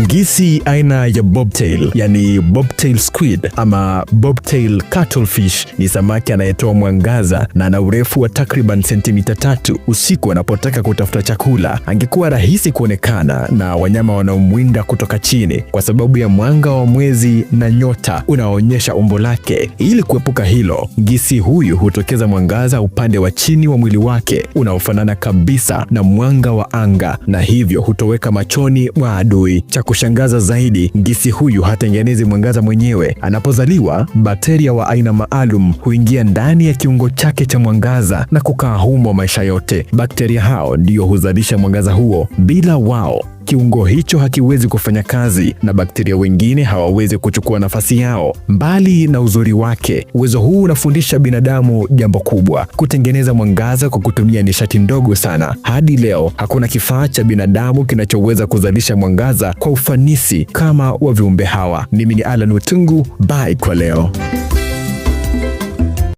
Ngisi aina ya bobtail, yani bobtail squid ama bobtail cuttlefish ni samaki anayetoa mwangaza na ana urefu wa takriban sentimita tatu. Usiku anapotaka kutafuta chakula, angekuwa rahisi kuonekana na wanyama wanaomwinda kutoka chini kwa sababu ya mwanga wa mwezi na nyota unaoonyesha umbo lake. Ili kuepuka hilo, ngisi huyu hutokeza mwangaza upande wa chini wa mwili wake unaofanana kabisa na mwanga wa anga na hivyo hutoweka machoni mwa adui kushangaza zaidi, ngisi huyu hatengenezi mwangaza mwenyewe. Anapozaliwa, bakteria wa aina maalum huingia ndani ya kiungo chake cha mwangaza na kukaa humo maisha yote. Bakteria hao ndio huzalisha mwangaza huo, bila wao kiungo hicho hakiwezi kufanya kazi na bakteria wengine hawawezi kuchukua nafasi yao. Mbali na uzuri wake, uwezo huu unafundisha binadamu jambo kubwa: kutengeneza mwangaza kwa kutumia nishati ndogo sana. Hadi leo hakuna kifaa cha binadamu kinachoweza kuzalisha mwangaza kwa ufanisi kama wa viumbe hawa. Mimi ni Alan Wetungu, bye kwa leo.